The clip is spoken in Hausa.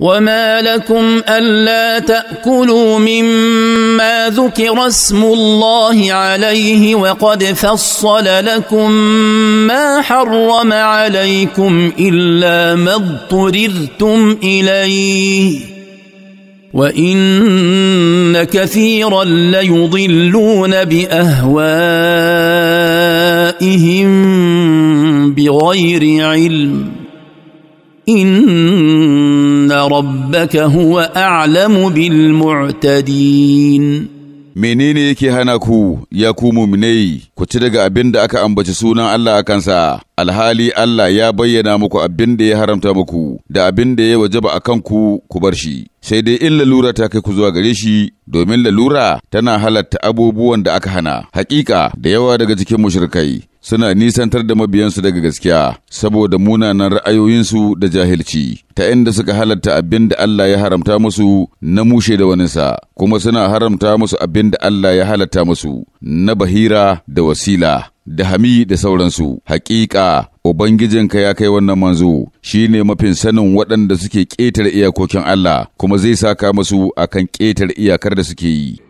وما لكم الا تاكلوا مما ذكر اسم الله عليه وقد فصل لكم ما حرم عليكم الا ما اضطررتم اليه وان كثيرا ليضلون باهوائهم بغير علم إن ان ربك هو اعلم بالمعتدين menene yake hana ku ya ku muminai ku ci daga abin da aka ambaci sunan Allah a kansa alhali Allah ya bayyana muku abin da ya haramta muku da abin da ya wajaba a kanku ku bar shi sai dai in lalura ta kai ku zuwa gare shi domin lalura tana halatta abubuwan da aka hana hakika da yawa daga cikin mushrikai suna nisantar da mabiyansu daga gaskiya saboda munanan ra'ayoyinsu da jahilci ta inda suka halatta abin da Allah ya haramta musu na mushe da waninsa kuma suna haramta musu abin da Allah ya halatta musu na bahira da wasila da hami da sauransu hakika Ubangijinka ya kai wannan manzo shine mafin sanin waɗanda suke ƙetare iyakokin Allah kuma zai saka musu akan ƙetare iyakar da suke yi.